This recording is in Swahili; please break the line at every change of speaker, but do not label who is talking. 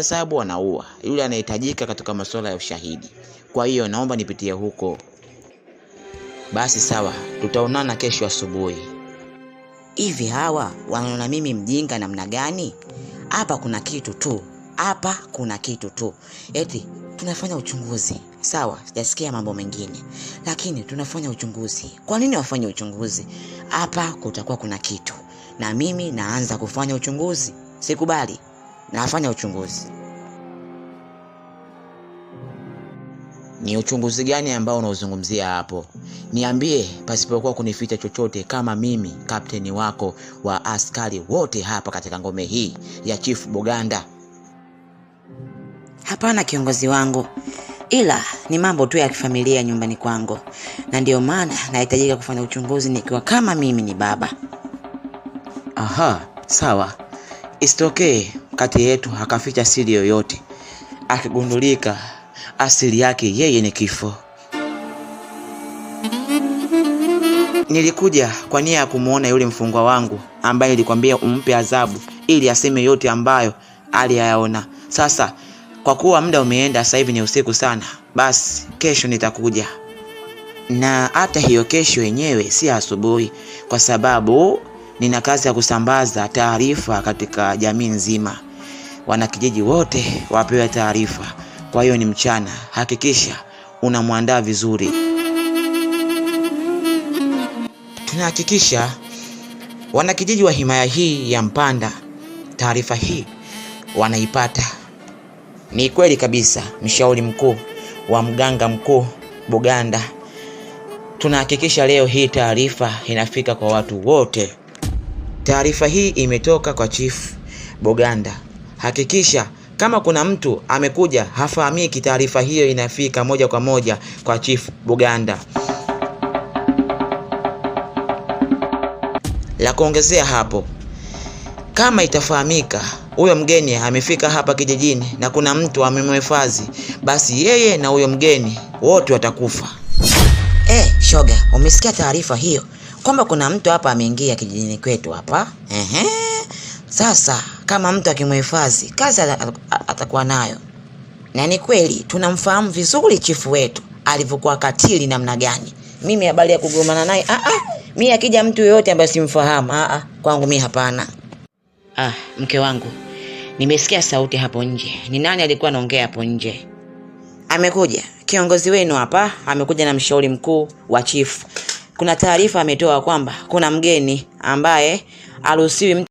hesabu wanaua yule anahitajika katika masuala ya ushahidi. Kwa hiyo naomba nipitie huko. Basi sawa, tutaonana kesho asubuhi.
Hivi hawa wanaona mimi mjinga namna gani? Hapa kuna kitu tu, hapa kuna kitu tu. Eti tunafanya uchunguzi sawa, sijasikia mambo mengine, lakini tunafanya uchunguzi. Kwa nini wafanye uchunguzi? Hapa kutakuwa kuna kitu, na mimi naanza kufanya uchunguzi. Sikubali na afanya uchunguzi.
Ni uchunguzi gani ambao unaozungumzia hapo? Niambie pasipokuwa kunificha chochote, kama mimi kapteni wako wa askari wote hapa katika ngome hii ya Chief Buganda.
Hapana kiongozi wangu, ila ni mambo tu ya kifamilia nyumbani kwangu, na ndiyo maana nahitajika kufanya uchunguzi nikiwa kama mimi ni baba.
Aha, sawa, isitokee kati yetu, akaficha siri yoyote. Akigundulika asili yake yeye ni kifo. Nilikuja kwa nia ya kumwona yule mfungwa wangu ambaye nilikwambia umpe adhabu ili aseme yote ambayo aliyaona. Sasa kwa kuwa muda umeenda, sasa hivi ni usiku sana, basi kesho nitakuja. Na hata hiyo kesho yenyewe si asubuhi, kwa sababu nina kazi ya kusambaza taarifa katika jamii nzima wanakijiji wote wapewe taarifa. Kwa hiyo ni mchana, hakikisha unamwandaa vizuri. Tunahakikisha wanakijiji wa himaya hii ya Mpanda taarifa hii wanaipata. Ni kweli kabisa, mshauri mkuu wa mganga mkuu Buganda, tunahakikisha leo hii taarifa inafika kwa watu wote. Taarifa hii imetoka kwa chifu Buganda hakikisha kama kuna mtu amekuja hafahamiki, taarifa hiyo inafika moja kwa moja kwa Chief Buganda. La kuongezea hapo, kama itafahamika huyo mgeni amefika hapa kijijini na kuna mtu amemhifadhi, basi yeye na huyo mgeni wote watakufa.
Eh, shoga, umesikia taarifa hiyo kwamba kuna mtu hapa ameingia kijijini kwetu hapa?
Ehe. Sasa kama mtu akimhifadhi kazi atakuwa nayo,
na ni kweli tunamfahamu vizuri chifu wetu alivyokuwa katili namna gani. Mimi habari ya kugomana naye ah ah, mimi akija mtu yoyote ambaye simfahamu ah ah, kwangu mimi hapana.
Ah, mke wangu, nimesikia sauti hapo nje. Ni nani alikuwa anaongea hapo nje?
Amekuja kiongozi wenu hapa, amekuja na mshauri mkuu wa chifu. Kuna taarifa ametoa kwamba kuna mgeni ambaye aruhusiwi